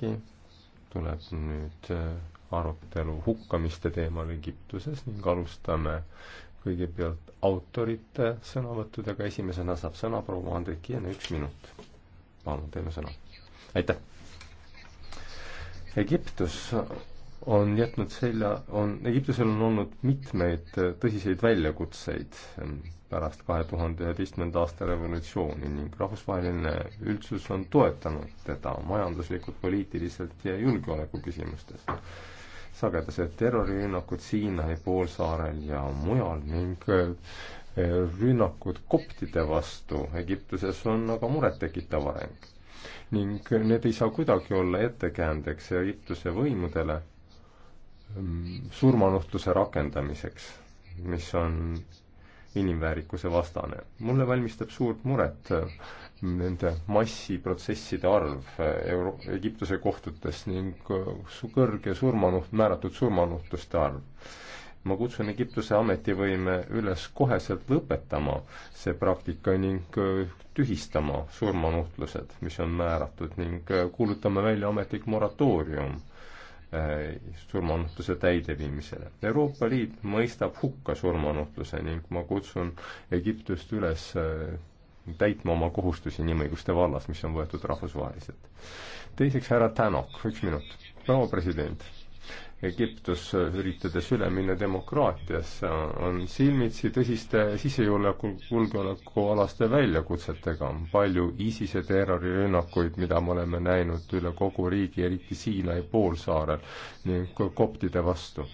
jällegi tuleb nüüd äh, arutelu hukkamiste teemal Egiptuses ning alustame kõigepealt autorite sõnavõttudega, esimesena saab sõna proua Andrikiene, üks minut. palun, teeme sõna. aitäh! Egiptus on jätnud selja, on, Egiptusel on olnud mitmeid tõsiseid väljakutseid ähm, pärast kahe tuhande üheteistkümnenda aasta revolutsiooni ning rahvusvaheline üldsus on toetanud teda majanduslikult, poliitiliselt ja julgeoleku küsimustes. sagedased terrorirünnakud Siinai poolsaarel ja mujal ning äh, rünnakud koptide vastu Egiptuses on aga murettekitav areng. ning need ei saa kuidagi olla ettekäändeks Egiptuse võimudele surmanuhtluse rakendamiseks, mis on inimväärikuse vastane. mulle valmistab suurt muret äh, nende massiprotsesside arv äh, Euro-, Egiptuse kohtutes ning äh, kõrge surmanuht-, määratud surmanuhtluste arv. ma kutsun Egiptuse ametivõime üles koheselt lõpetama see praktika ning tühistama surmanuhtlused, mis on määratud, ning kuulutama välja ametlik moratoorium Äh, surmanuhtluse täideviimisele. Euroopa Liit mõistab hukka surmanuhtluse ning ma kutsun Egiptust üles äh, täitma oma kohustusi inimõiguste vallas, mis on võetud rahvusvaheliselt. teiseks, härra Tänok, üks minut. proua president Egiptus, üritades üle minna demokraatiasse, on silmitsi tõsiste sisejulgeolekualaste väljakutsetega. palju ISISe terrorirünnakuid, mida me oleme näinud üle kogu riigi, eriti Siinai poolsaarel ning koptide vastu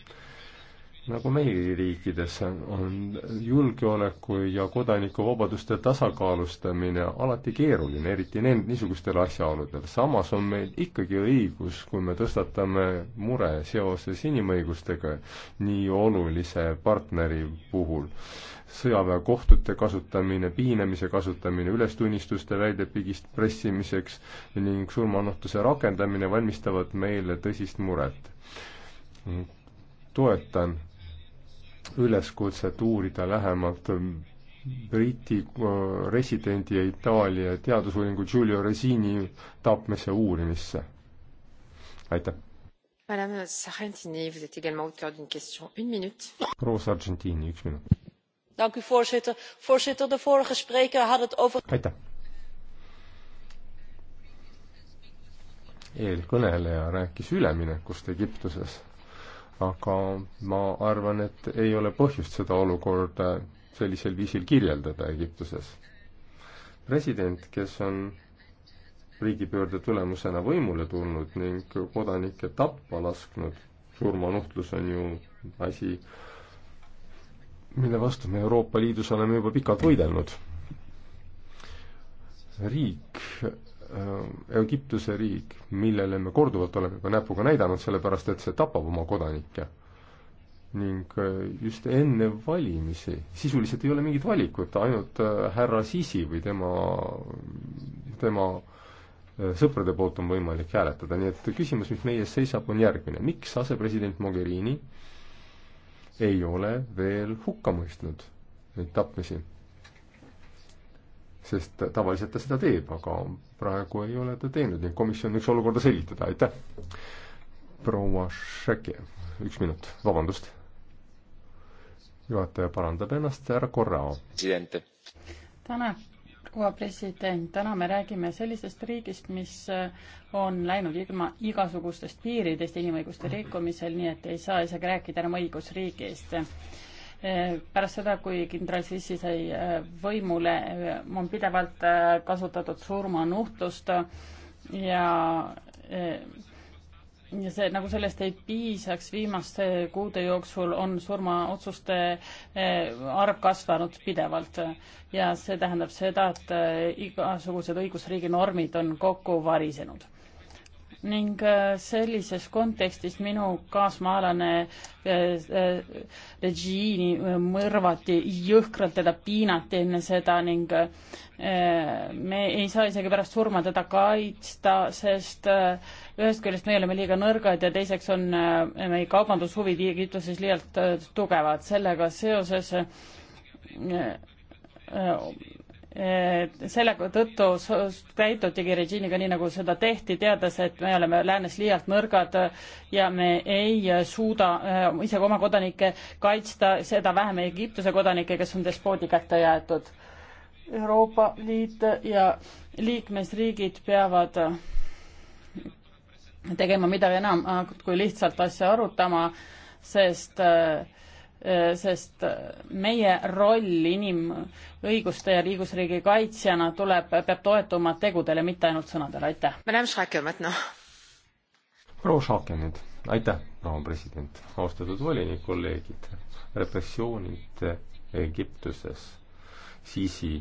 nagu meiegi riikides on julgeoleku ja kodanikuvabaduste tasakaalustamine alati keeruline, eriti nend-, niisugustel asjaoludel. samas on meil ikkagi õigus, kui me tõstatame mure seoses inimõigustega nii olulise partneri puhul. sõjaväekohtute kasutamine, piinamise kasutamine, ülestunnistuste väljapigist pressimiseks ning surmanuhtluse rakendamine valmistavad meile tõsist muret toetan üleskutset uurida lähemalt Briti äh, residendi ja Itaalia teadusuuringu Giulio Resini tapmise uurimisse. aitäh. Madame Sargentini, vous êtes également auteur d'une question, une minute. proua Sargentini, üks minut. Dank u voorzitter. Voorzitter, de vorige spreker had het over. aitäh. eelkõneleja rääkis üleminekust Egiptuses aga ma arvan, et ei ole põhjust seda olukorda sellisel viisil kirjeldada Egiptuses. president, kes on riigipöörde tulemusena võimule tulnud ning kodanikke tappa lasknud, surmanuhtlus on ju asi, mille vastu me Euroopa Liidus oleme juba pikalt võidelnud. riik Äh, Egiptuse riik, millele me korduvalt oleme juba näpuga näidanud, sellepärast et see tapab oma kodanikke. ning äh, just enne valimisi, sisuliselt ei ole mingit valikut, ainult äh, härra Sisi või tema, tema sõprade poolt on võimalik hääletada, nii et küsimus, mis meie ees seisab, on järgmine. miks asepresident Mogherini ei ole veel hukka mõistnud neid tapmisi? sest tavaliselt ta seda teeb, aga praegu ei ole ta teinud, nii et komisjon võiks olukorda selgitada, aitäh. proua Šeke, üks minut, vabandust. juhataja parandab ennast, härra Korrao. tänan proua president, täna me räägime sellisest riigist, mis on läinud ilma igasugustest piiridest inimõiguste rikkumisel, nii et ei saa isegi rääkida enam õigusriigist pärast seda, kui kindral Sissi sai äh, võimule, äh, on pidevalt äh, kasutatud surmanuhtlust ja ja see, nagu sellest ei piisaks, viimaste kuude jooksul on surmaotsuste arv kasvanud pidevalt ja see tähendab seda, et igasugused õigusriigi normid on kokku varisenud ning äh, sellises kontekstis minu kaasmaalane äh, äh, Regini mõrvati jõhkralt, teda piinati enne seda ning me ei saa isegi pärast surma teda kaitsta, sest ühest küljest me oleme liiga nõrgad ja teiseks on meie kaubandushuvid Egiptuses liialt tugevad. sellega seoses selle tõttu käitutigi režiimiga nii, nagu seda tehti, teades, et me oleme läänes liialt nõrgad ja me ei suuda äh, ise oma kodanikke kaitsta, seda vähem Egiptuse kodanikke, kes on despoodi kätte jäetud. Euroopa Liit ja liikmesriigid peavad tegema midagi enam kui lihtsalt asja arutama, sest äh, Äh, sest äh, meie roll inimõiguste ja õigusriigi kaitsjana tuleb, peab toetuma tegudele, mitte ainult sõnadele, aitäh. proua Šake nüüd, aitäh, proua president, austatud volinik, kolleegid, repressioonid äh, Egiptuses Sisi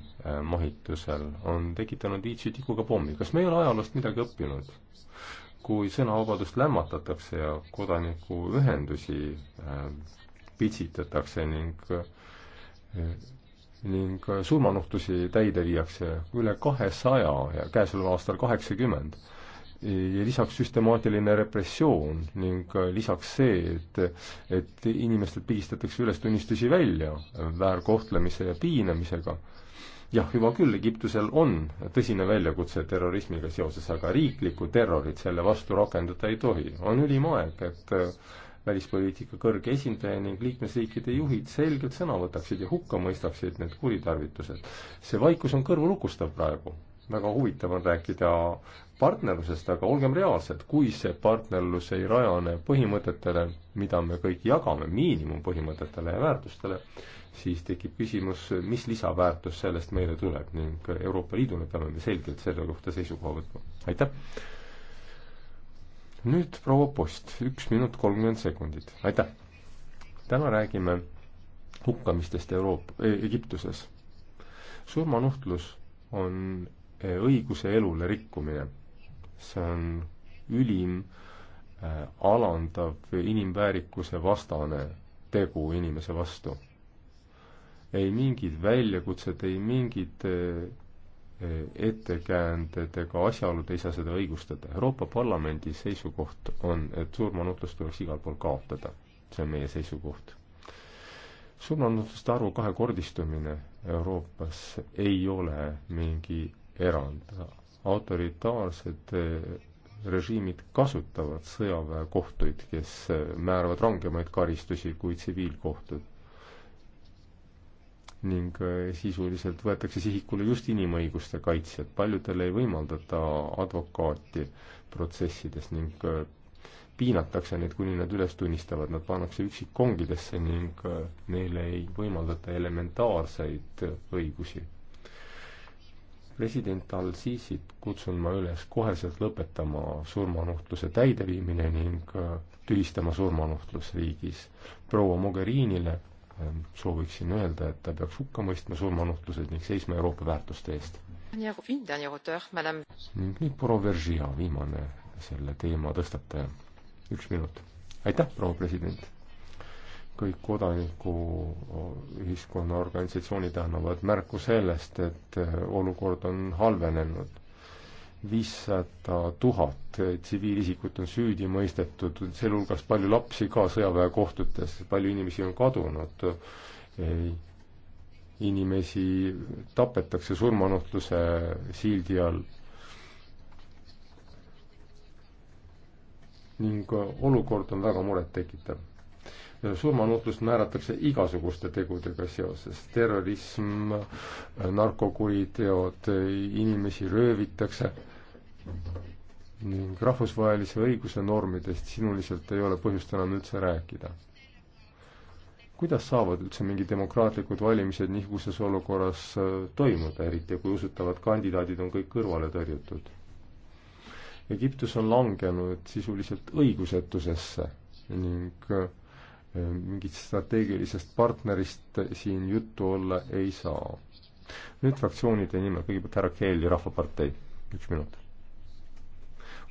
mahitusel on tekitanud Iitsi tikuga pommi, kas me ei ole ajaloost midagi õppinud? kui sõnavabadust lämmatatakse ja kodanikuühendusi äh, pitsitatakse ning ning surmanuhtusi täide viiakse üle kahesaja ja käesoleval aastal kaheksakümmend. ja lisaks süstemaatiline repressioon ning lisaks see, et et inimestelt pigistatakse ülestunnistusi välja väärkohtlemise ja piinamisega, jah, juba küll, Egiptusel on tõsine väljakutse terrorismiga seoses, aga riiklikku terrorit selle vastu rakendada ei tohi. on ülim aeg, et välispoliitika kõrge esindaja ning liikmesriikide juhid selgelt sõna võtaksid ja hukka mõistaksid need kuritarvitused. see vaikus on kõrvulukustav praegu. väga huvitav on rääkida partnerlusest, aga olgem reaalsed, kui see partnerlus ei rajane põhimõtetele, mida me kõik jagame, miinimumpõhimõtetele ja väärtustele, siis tekib küsimus, mis lisaväärtus sellest meile tuleb ning Euroopa Liiduna peame me selgelt selle kohta seisukoha võtma. aitäh! nüüd proua Post, üks minut kolmkümmend sekundit, aitäh. täna räägime hukkamistest Euroop-, e, Egiptuses. surmanuhtlus on e, õiguse elule rikkumine. see on ülim äh,, alandav, inimväärikuse vastane tegu inimese vastu. ei mingid väljakutsed, ei mingid äh, ettekäändedega asjaolud ei saa seda õigustada. Euroopa Parlamendi seisukoht on, et surmanutlus tuleks igal pool kaotada. see on meie seisukoht. surmanutluste arvu kahekordistumine Euroopas ei ole mingi erand. autoritaarsed eh, režiimid kasutavad sõjaväekohtuid, kes eh, määravad rangemaid karistusi kui tsiviilkohtud ning äh, sisuliselt võetakse sihikule just inimõiguste kaitsjad, paljudele ei võimaldata advokaati protsessides ning äh, piinatakse neid, kuni nad üles tunnistavad, nad pannakse üksikkongidesse ning äh, neile ei võimaldata elementaarseid õigusi. president Al-Sisit kutsun ma üles koheselt lõpetama surmanuhtluse täideviimine ning tühistama surmanuhtlus riigis. proua Mogherinile Ehm, sooviksin öelda, et ta peaks hukka mõistma surmanuhtlused ning seisma Euroopa väärtuste eest. ning nüüd proua Veržia, viimane selle teema tõstataja. üks minut. aitäh, proua president! kõik kodanikuühiskonna organisatsioonid annavad märku sellest, et äh, olukord on halvenenud viissada tuhat tsiviilisikut on süüdi mõistetud, sealhulgas palju lapsi ka sõjaväekohtutes, palju inimesi on kadunud, inimesi tapetakse surmanuhtluse sildi all. ning olukord on väga murettekitav. surmanuhtlust määratakse igasuguste tegudega seoses, terrorism, narkokuriteod, inimesi röövitakse ning rahvusvahelise õiguse normidest sinuliselt ei ole põhjust enam üldse rääkida. kuidas saavad üldse mingid demokraatlikud valimised niisuguses olukorras äh, toimuda, eriti kui usutavad kandidaadid on kõik kõrvale tõrjutud? Egiptus on langenud sisuliselt õigusetusesse ning äh, mingist strateegilisest partnerist siin juttu olla ei saa. nüüd fraktsioonide nimel, kõigepealt härra Keeli Rahvapartei, üks minut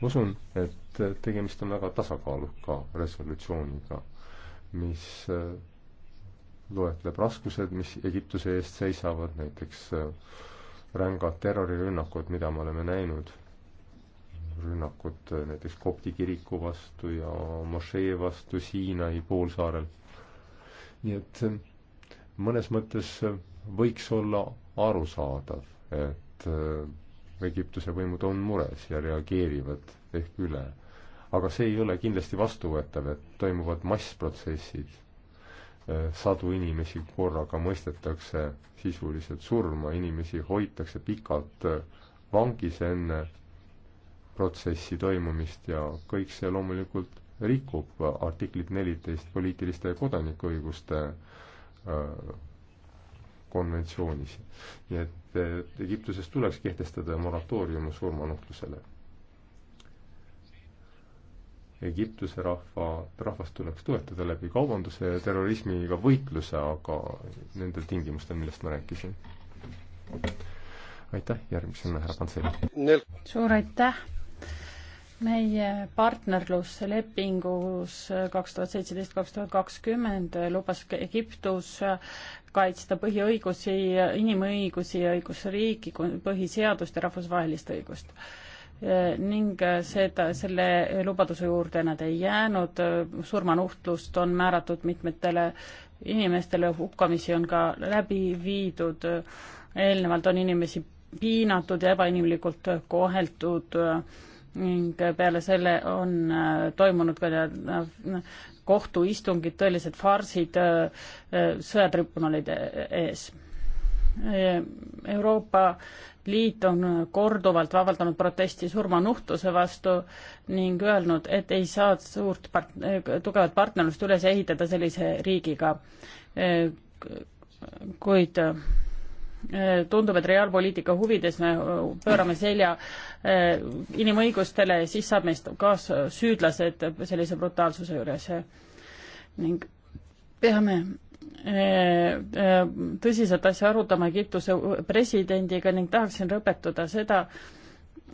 ma usun, et tegemist on väga tasakaaluka resolutsiooniga, mis äh, loetleb raskused, mis Egiptuse eest seisavad, näiteks äh, rängad terrorirünnakud, mida me oleme näinud, rünnakud äh, näiteks kopti kiriku vastu ja mošee vastu Siinai poolsaarel. nii et mõnes mõttes võiks olla arusaadav, et Egiptuse võimud on mures ja reageerivad ehk üle. aga see ei ole kindlasti vastuvõetav, et toimuvad massprotsessid, äh, sadu inimesi korraga mõistetakse sisuliselt surma, inimesi hoitakse pikalt äh, vangis enne protsessi toimumist ja kõik see loomulikult rikub artiklit neliteist poliitiliste ja kodanikuõiguste äh, konventsioonis. nii et et Egiptuses tuleks kehtestada moratoorium surmanuhtlusele. Egiptuse rahva, rahvast tuleks toetada läbi kaubanduse ja terrorismiga võitluse, aga nendel tingimustel, millest ma rääkisin. aitäh, järgmisena härra Pantsel. suur aitäh meie partnerluslepingus kaks tuhat seitseteist, kaks tuhat kakskümmend lubas Egiptus kaitsta põhiõigusi, inimõigusi ja õigusriiki, põhiseadust ja rahvusvahelist õigust. ning seda, selle lubaduse juurde nad ei jäänud, surmanuhtlust on määratud mitmetele inimestele, hukkamisi on ka läbi viidud, eelnevalt on inimesi piinatud ja ebainimlikult koheldud äh, ning peale selle on äh, toimunud ka äh, kohtuistungid, tõelised farsid äh, sõjatribunalide ees. Euroopa Liit on korduvalt avaldanud protesti surmanuhtluse vastu ning öelnud, et ei saa suurt part-, tugevat partnerlust üles ehitada sellise riigiga. kuid Äh, tundub, et reaalpoliitika huvides me äh, pöörame selja äh, inimõigustele ja siis saab meist kaassüüdlased sellise brutaalsuse juures. ning peame tõsiselt asja arutama Egiptuse presidendiga ning tahaksin lõpetada seda,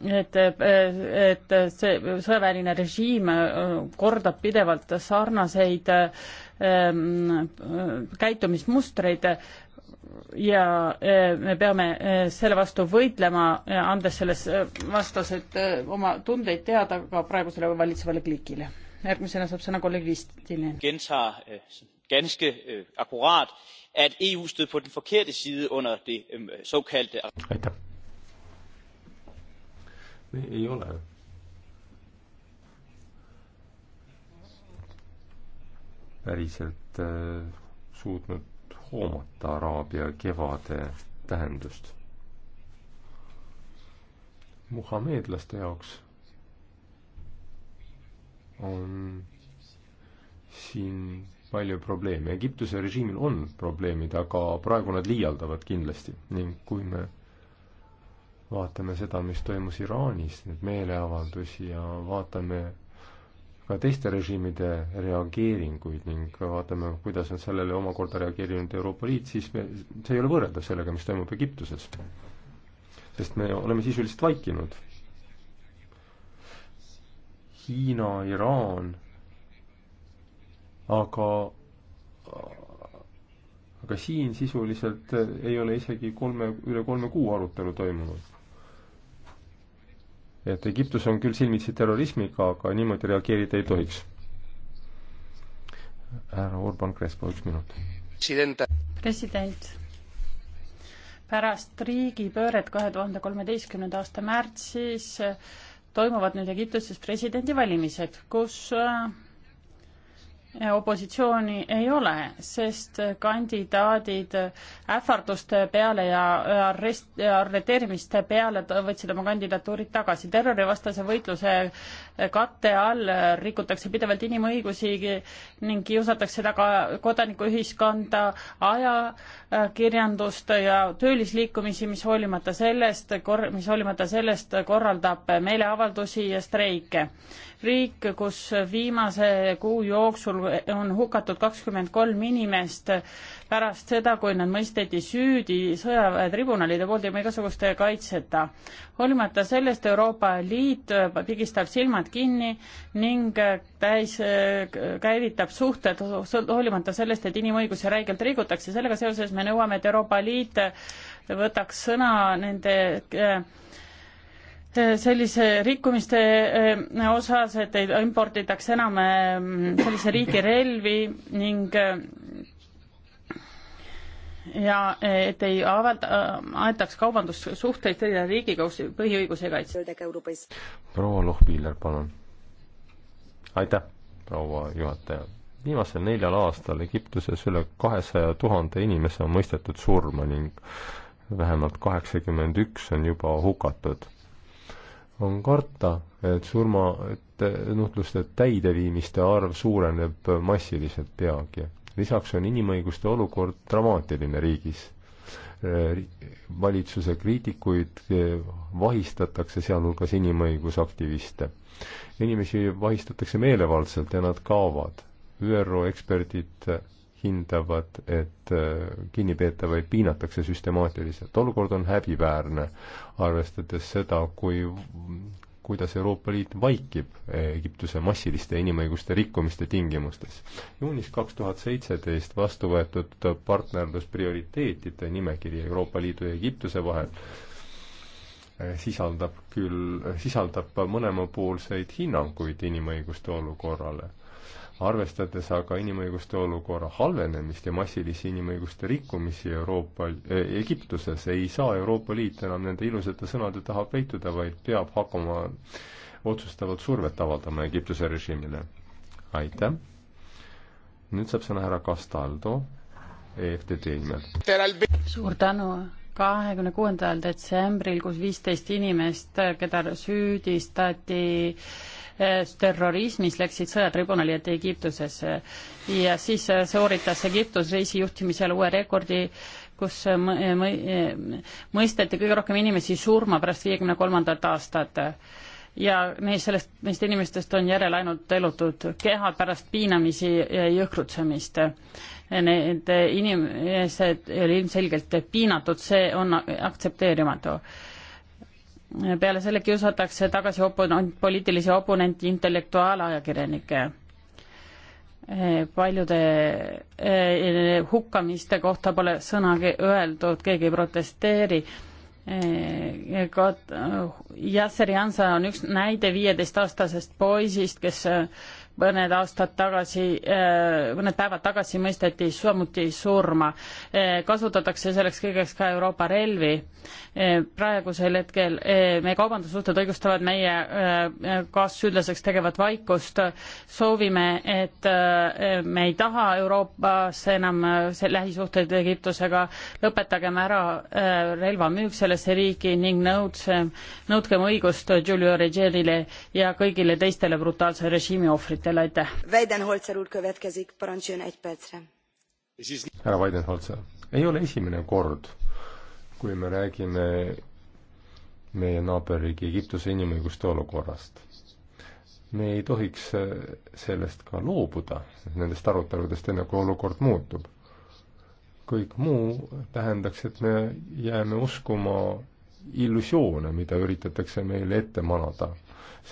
et, et see sõjaväeline režiim kordab pidevalt sarnaseid ähm, käitumismustreid ja e, me peame e, selle vastu võitlema, e, andes selles vastased oma tundeid teada ka praegusele valitsevale klikile. järgmisena saab sõna kolleeg Vistine. ganske akuraat, et EU stod på den forkerte side under det såkaldte aitäh. me ei ole päriselt äh, suutnud hoomata araabia kevade tähendust. muhameedlaste jaoks on siin palju probleeme. Egiptuse režiimil on probleemid, aga praegu nad liialdavad kindlasti ning kui me vaatame seda, mis toimus Iraanis, neid meeleavaldusi ja vaatame ka teiste režiimide reageeringuid ning vaatame, kuidas on sellele omakorda reageerinud Euroopa Liit, siis me, see ei ole võrreldav sellega, mis toimub Egiptuses. sest me oleme sisuliselt vaikinud. Hiina, Iraan, aga aga siin sisuliselt ei ole isegi kolme, üle kolme kuu arutelu toimunud et Egiptus on küll silmitsi terrorismiga, aga niimoodi reageerida ei tohiks. härra Urban Crespo, üks minut. president, pärast riigipööret kahe tuhande kolmeteistkümnenda aasta märtsis toimuvad nüüd Egiptuses presidendivalimised, kus äh, opositsiooni ei ole, sest kandidaadid ähvarduste peale ja arrest, arreteerimiste peale võtsid oma kandidatuurid tagasi. terrorivastase võitluse katte all rikutakse pidevalt inimõigusi ning kiusatakse taga kodanikuühiskonda, ajakirjandust ja töölisliikumisi, mis hoolimata sellest, mis hoolimata sellest korraldab meeleavaldusi ja streike. riik, kus viimase kuu jooksul on hukatud kakskümmend kolm inimest pärast seda, kui nad mõisteti süüdi sõjaväetribunalide poolt ilma igasuguste kaitseta. hoolimata sellest Euroopa Liit pigistab silmad silmad kinni ning äh, täis äh, käivitab suhted hoolimata sellest, et inimõigusi räigelt rikutakse. sellega seoses me nõuame, et Euroopa Liit äh, võtaks sõna nende sellise rikkumiste osas, et ei imporditaks enam sellise riigi relvi ning ja et ei avalda, aetaks kaubandussuhteid selle riigiga, kus põhiõiguse kaitse. proua Lohpiller, palun. aitäh, proua juhataja. viimasel neljal aastal Egiptuses üle kahesaja tuhande inimese on mõistetud surma ning vähemalt kaheksakümmend üks on juba hukatud. on karta, et surma, et nuhtluste täideviimiste arv suureneb massiliselt peagi lisaks on inimõiguste olukord dramaatiline riigis. valitsuse kriitikuid eh, vahistatakse, sealhulgas inimõigusaktiviste. inimesi vahistatakse meelevaldselt ja nad kaovad. ÜRO eksperdid hindavad, et eh, kinnipeetavaid piinatakse süstemaatiliselt. olukord on häbiväärne, arvestades seda, kui kuidas Euroopa Liit vaikib Egiptuse massiliste inimõiguste rikkumiste tingimustes. juunis kaks tuhat seitseteist vastu võetud partnerlusprioriteetide nimekiri Euroopa Liidu ja Egiptuse vahel eh, sisaldab küll, sisaldab mõlemapoolseid hinnanguid inimõiguste olukorrale arvestades aga inimõiguste olukorra halvenemist ja massilisi inimõiguste rikkumisi Euroopa äh,, Egiptuses, ei saa Euroopa Liit enam nende ilusate sõnade taha peituda, vaid peab hakkama otsustavalt survet avaldama Egiptuse režiimile. aitäh! nüüd saab sõna härra Castaldo EFTD nimel. suur tänu! kahekümne kuuendal detsembril, kus viisteist inimest, keda süüdistati eh, terrorismis, läksid sõjatribunali ette Egiptusesse ja siis eh, sooritas Egiptus reisi juhtimisel uue rekordi, kus eh, mõisteti kõige rohkem inimesi surma pärast viiekümne kolmandat aastat ja neist, sellest, neist inimestest on järel ainult elutud kehad pärast piinamisi ja jõhkrutsemist need inimesed oli ilmselgelt piinatud, see on aktsepteerimatu. peale selle kiusatakse tagasi oponent, poliitilisi oponente, intellektuaalajakirjanikke. paljude eh, hukkamiste kohta pole sõnagi öeldud, keegi ei protesteeri Kat-, Yasser Jansa on üks näide viieteistaastasest poisist, kes mõned aastad tagasi, äh, mõned päevad tagasi mõisteti samuti surma. Äh, kasutatakse selleks kõigeks ka Euroopa relvi. Äh, praegusel hetkel meie kaubandussuhted õigustavad meie kaassüüdlaseks tegevat vaikust. soovime, et me ei taha Euroopas enam lähisuhteid Egiptusega, lõpetagem ära relvamüük sellesse riiki ning nõudse, nõudkem õigust Giulio Regerile ja kõigile teistele brutaalse režiimi ohvritele ettevõtjatel, aitäh. Weidenholzer ul következik, parantšön egy percre. härra Weidenholzer, ei ole esimene kord, kui me räägime meie naaberriigi Egiptuse inimõiguste olukorrast. me ei tohiks sellest ka loobuda, nendest aruteludest, enne kui olukord muutub. kõik muu tähendaks, et me jääme uskuma illusioone, mida üritatakse meile ette manada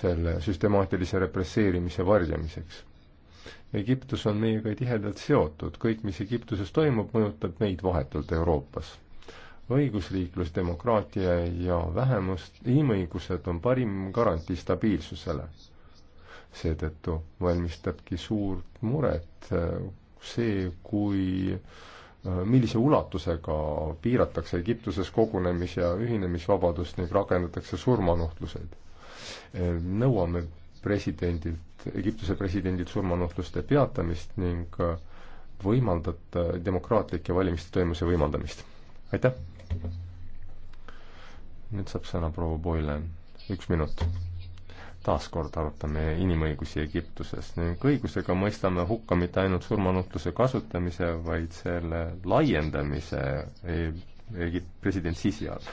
selle süstemaatilise represseerimise varjamiseks. Egiptus on meiega tihedalt seotud, kõik, mis Egiptuses toimub, mõjutab meid vahetult Euroopas. õigusriiklus, demokraatia ja vähemust, inimõigused on parim garantii stabiilsusele. seetõttu valmistabki suurt muret äh, see, kui äh, millise ulatusega piiratakse Egiptuses kogunemis- ja ühinemisvabadust ning rakendatakse surmanuhtluseid nõuame presidendilt, Egiptuse presidendilt surmanuhtluste peatamist ning võimaldada demokraatlike valimiste toimuse võimaldamist. aitäh! nüüd saab sõna proua Boyle, üks minut taaskord arutame inimõigusi Egiptuses ning õigusega mõistame hukka mitte ainult surmanuhtluse kasutamise, vaid selle laiendamise e-, Egipt president Sisi all.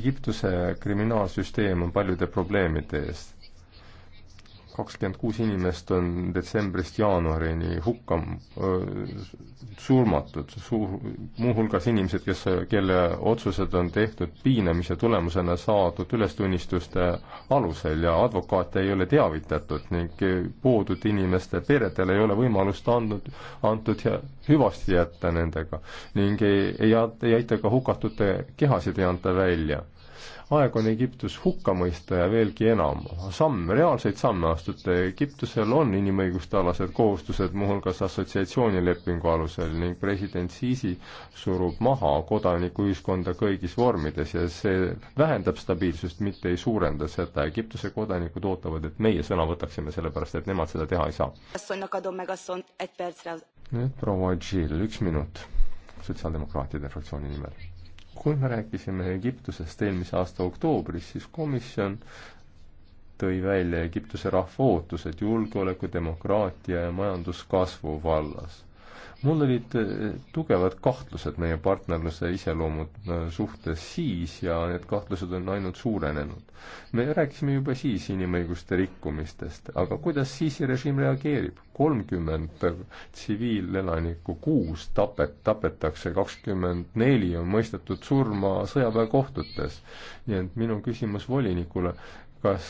Egiptuse kriminaalsüsteem on paljude probleemide eest kakskümmend kuus inimest on detsembrist jaanuarini hukka surmatud, suur, muuhulgas inimesed, kes, kelle otsused on tehtud piinamise tulemusena saadud ülestunnistuste alusel ja advokaate ei ole teavitatud ning poodud inimeste peredele ei ole võimalust andnud, antud hüvasti jätta nendega ning ei, ei, ei aita ka hukatute kehasid ei anta välja aeg on Egiptus hukka mõista ja veelgi enam, samm, reaalseid samme astuda. Egiptusel on inimõiguste alased kohustused, muuhulgas assotsiatsioonilepingu alusel ning president Sisi surub maha kodanikuühiskonda kõigis vormides ja see vähendab stabiilsust, mitte ei suurenda seda. Egiptuse kodanikud ootavad, et meie sõna võtaksime, sellepärast et nemad seda teha ei saa. nüüd proua Jill, üks minut sotsiaaldemokraatide fraktsiooni nimel. kui me rääkisime Egiptusest eelmise aasta oktoobris, siis komisjon tõi välja Egiptuse rahva ootused julgeoleku, demokraatia ja majanduskasvu vallas. mul olid eh, tugevad kahtlused meie partnerluse iseloomu eh, suhtes siis ja need kahtlused on ainult suurenenud. me rääkisime juba siis inimõiguste rikkumistest, aga kuidas Sisi režiim reageerib? kolmkümmend tsiviilelanikku kuus tapet, tapetakse, kakskümmend neli on mõistetud surma sõjaväekohtutes. nii et minu küsimus volinikule, kas,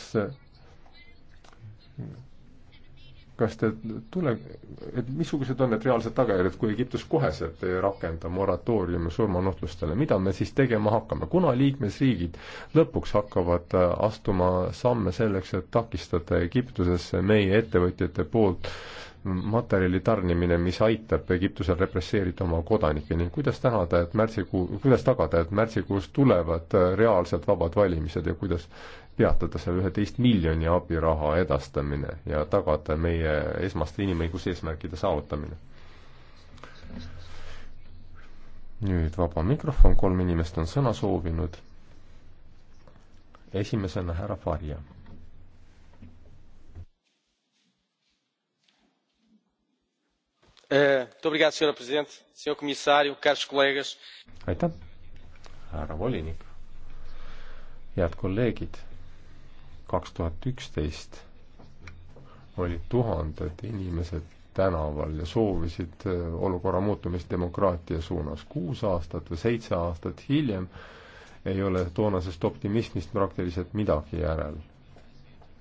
kas te tule, et missugused on need reaalsed tagajärjed, kui Egiptus koheselt ei rakenda moratooriumi surmanuhtlustele, mida me siis tegema hakkame, kuna liikmesriigid lõpuks hakkavad äh, astuma samme selleks, et takistada Egiptusesse meie ettevõtjate poolt äh, materjali tarnimine, mis aitab Egiptusel represseerida oma kodanikke ning kuidas tänada, et märtsikuu, kuidas tagada, et märtsikuus tulevad äh, reaalselt vabad valimised ja kuidas peatada selle üheteist miljoni abiraha edastamine ja tagada meie esmaste inimõiguse eesmärkide saavutamine. nüüd vaba mikrofon, kolm inimest on sõna soovinud. esimesena härra Farja Eh, aitäh, härra volinik, head kolleegid. kaks tuhat üksteist olid tuhanded inimesed tänaval ja soovisid eh, olukorra muutumist demokraatia suunas. kuus aastat või seitse aastat hiljem ei ole toonasest optimismist praktiliselt midagi järel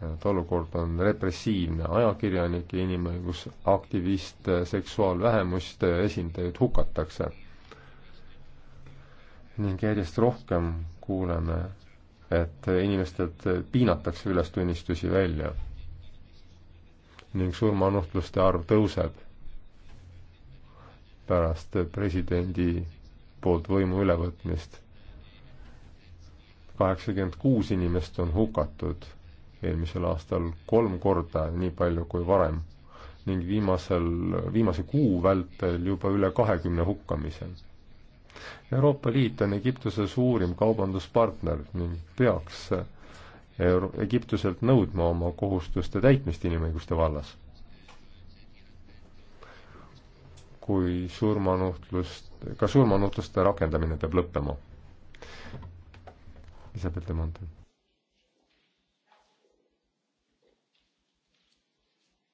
et olukord on repressiivne, ajakirjanikke, inimõigusaktiviste, seksuaalvähemuste esindajaid hukatakse. ning järjest rohkem kuuleme, et inimestelt piinatakse ülestunnistusi välja ning surmanuhtluste arv tõuseb pärast presidendi poolt võimu ülevõtmist. kaheksakümmend kuus inimest on hukatud eelmisel aastal kolm korda nii palju kui varem ning viimasel, viimase kuu vältel juba üle kahekümne hukkamise. Euroopa Liit on Egiptuse suurim kaubanduspartner ning peaks Euro-, Egiptuselt nõudma oma kohustuste täitmist inimõiguste vallas. kui surmanuhtlust, ka surmanuhtluste rakendamine peab lõppema. Isabel Demontel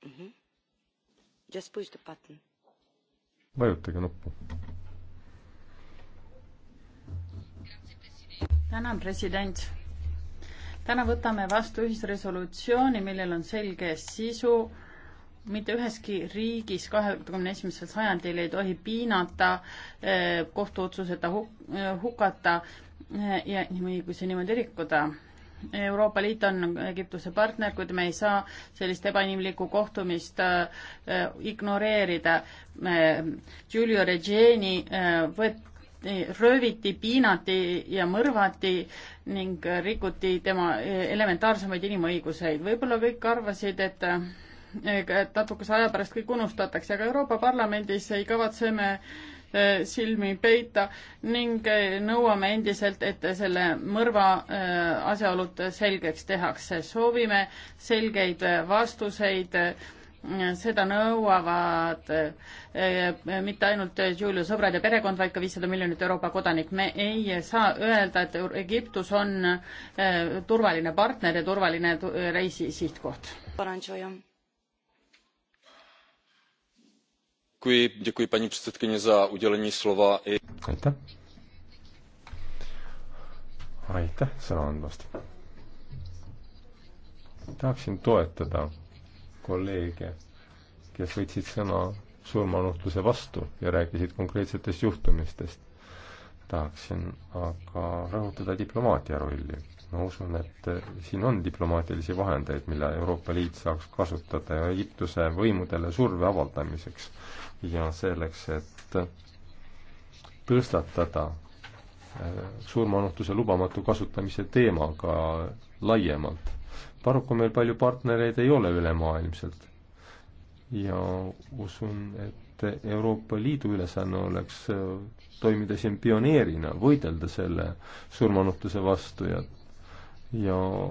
mm. -hmm. Just push the button. vajutage nuppu. tänan, president. täna võtame vastu ühisresolutsiooni, millel on selge sisu. mitte üheski riigis kahekümne esimesel sajandil ei tohi piinata, eh, kohtuotsuseta eh, hukata eh, ja inimõigusi niimoodi rikkuda Euroopa Liit on Egiptuse partner, kuid me ei saa sellist ebainimlikku kohtumist äh, ignoreerida äh,. Giulio Regeni äh, võt-, rööviti, piinati ja mõrvati ning rikuti tema äh, elementaarsemaid inimõiguseid. võib-olla kõik arvasid, et äh, et natukese aja pärast kõik unustatakse, aga Euroopa Parlamendis ei kavatse me äh, Äh, silmi peita ning äh, nõuame endiselt, et selle mõrva äh, asjaolud selgeks tehakse. soovime selgeid vastuseid, seda nõuavad mitte ainult Julius sõbrad ja perekond, vaid ka viissada miljonit Euroopa kodanik. me ei saa öelda, et Egiptus on turvaline partner ja turvaline reisi sihtkoht. paní předsedající aitäh, aitäh sõna andmast! tahaksin toetada kolleege, kes võtsid sõna surmanuhtluse vastu ja rääkisid konkreetsetest juhtumistest. tahaksin aga rõhutada diplomaatia rolli ma usun, et äh, siin on diplomaatilisi vahendeid, mille Euroopa Liit saaks kasutada Egiptuse võimudele surve avaldamiseks ja selleks, et äh, tõstatada äh, surmanuhtluse lubamatu kasutamise teema ka laiemalt. paraku meil palju partnereid ei ole ülemaailmselt ja usun, et Euroopa Liidu ülesanne oleks toimida siin pioneerina, võidelda selle surmanuhtluse vastu ja ja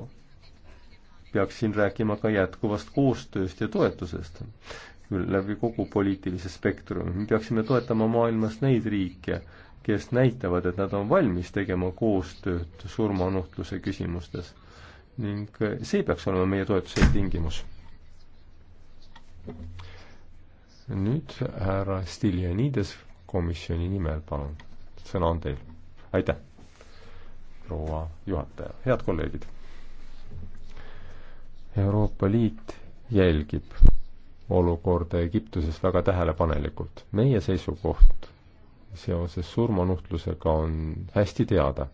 peaksin rääkima ka jätkuvast koostööst ja toetusest küll läbi kogu poliitilise spektrumi. me peaksime toetama maailmas neid riike, kes näitavad, et nad on valmis tegema koostööd surmanuhtluse küsimustes. ning see peaks olema meie toetuse tingimus. nüüd härra Stiljanides komisjoni nimel, palun, sõna on teil. aitäh! proua juhataja. head kolleegid! Euroopa Liit jälgib olukorda Egiptuses väga tähelepanelikult. meie seisukoht seoses surmanuhtlusega on hästi teada.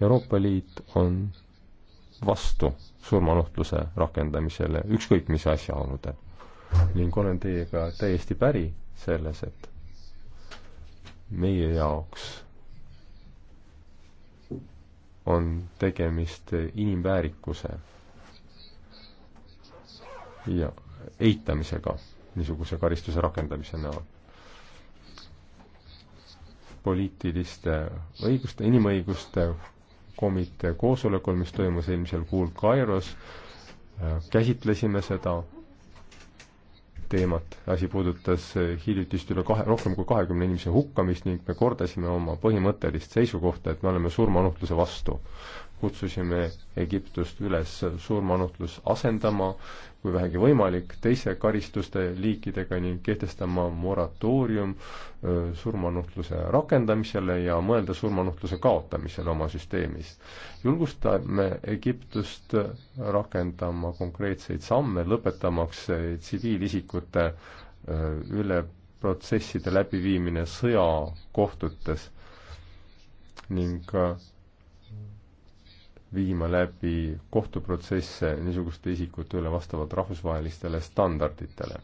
Euroopa Liit on vastu surmanuhtluse rakendamisele ükskõik mis asjaoludel ning olen teiega täiesti päri selles, et meie jaoks on tegemist inimväärikuse ja eitamisega niisuguse karistuse rakendamise näol. poliitiliste õiguste, inimõiguste komitee koosolekul, mis toimus eelmisel kuul Kairos, käsitlesime seda teemat, asi puudutas eh, hiljutist üle kahe, rohkem kui kahekümne inimese hukkamist ning me kordasime oma põhimõttelist seisukohta, et me oleme surmanuhtluse vastu kutsusime Egiptust üles surmanutlus asendama, kui vähegi võimalik, teise karistuste liikidega ning kehtestama moratoorium surmanutluse rakendamisele ja mõelda surmanutluse kaotamisele oma süsteemis. julgustame Egiptust rakendama konkreetseid samme, lõpetamaks tsiviilisikute üle protsesside läbiviimine sõjakohtutes ning viima läbi kohtuprotsesse niisuguste isikute üle vastavalt rahvusvahelistele standarditele.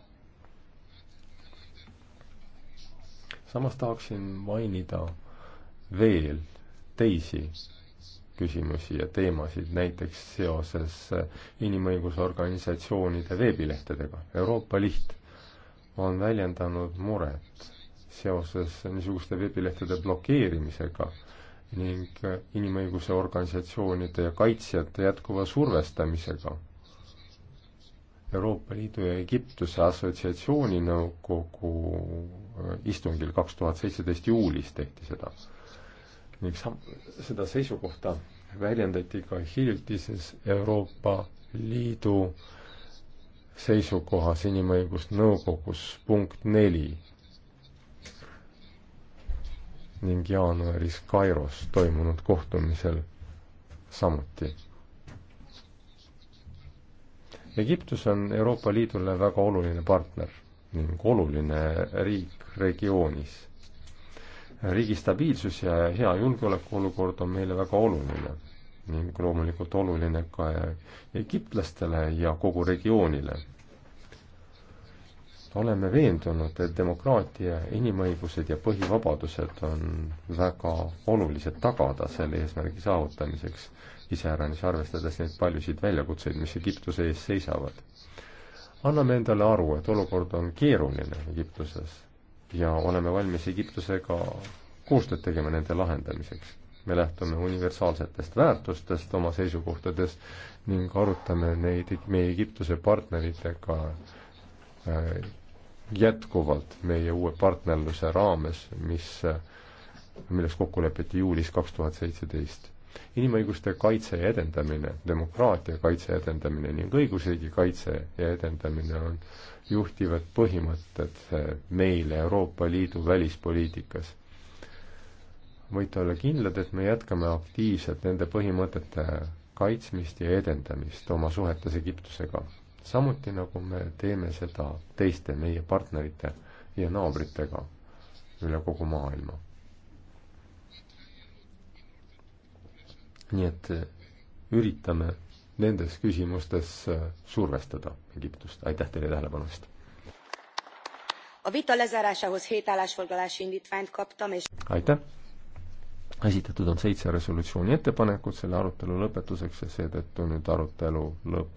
samas tahaksin mainida veel teisi küsimusi ja teemasid, näiteks seoses inimõigusorganisatsioonide veebilehtedega. Euroopa Liit on väljendanud muret seoses niisuguste veebilehtede blokeerimisega äh, ning inimõiguse organisatsioonide ja kaitsjate jätkuva survestamisega. Euroopa Liidu ja Egiptuse assotsiatsiooni nõukogu äh, istungil kaks tuhat seitseteist juulis tehti seda. ning sam-, seda seisukohta väljendati ka hiljutises Euroopa Liidu seisukohas inimõigusnõukogus punkt neli ning jaanuaris Kairos toimunud kohtumisel samuti. Egiptus on Euroopa Liidule väga oluline partner ning oluline riik regioonis. riigi stabiilsus ja hea julgeolekuolukord on meile väga oluline ning loomulikult oluline ka egiptlastele ja kogu regioonile oleme veendunud, et demokraatia, inimõigused ja põhivabadused on väga olulised tagada selle eesmärgi saavutamiseks, iseäranis arvestades neid paljusid väljakutseid, mis Egiptuse ees seisavad. anname endale aru, et olukord on keeruline Egiptuses ja oleme valmis Egiptusega koostööd tegema nende lahendamiseks. me lähtume universaalsetest väärtustest oma seisukohtades ning arutame neid meie Egiptuse partneritega äh, jätkuvalt meie uue partnerluse raames, mis, milles kokku lepiti juulis kaks tuhat seitseteist. inimõiguste kaitse ja edendamine, demokraatia kaitse ja edendamine ning õigusriigi kaitse ja edendamine on juhtivad põhimõtted meil Euroopa Liidu välispoliitikas. võite olla kindlad, et me jätkame aktiivselt nende põhimõtete kaitsmist ja edendamist oma suhetes Egiptusega samuti nagu me teeme seda teiste meie partnerite ja naabritega üle kogu maailma. nii et üritame nendes küsimustes äh, survestada Egiptust, aitäh teile tähelepanu eest! A vita lezárásához hét állásfoglalási indítványt kaptam, és... Aitäh! esitatud on seitse resolutsiooni ettepanekut selle arutelu lõpetuseks ja seetõttu nüüd arutelu lõpeb.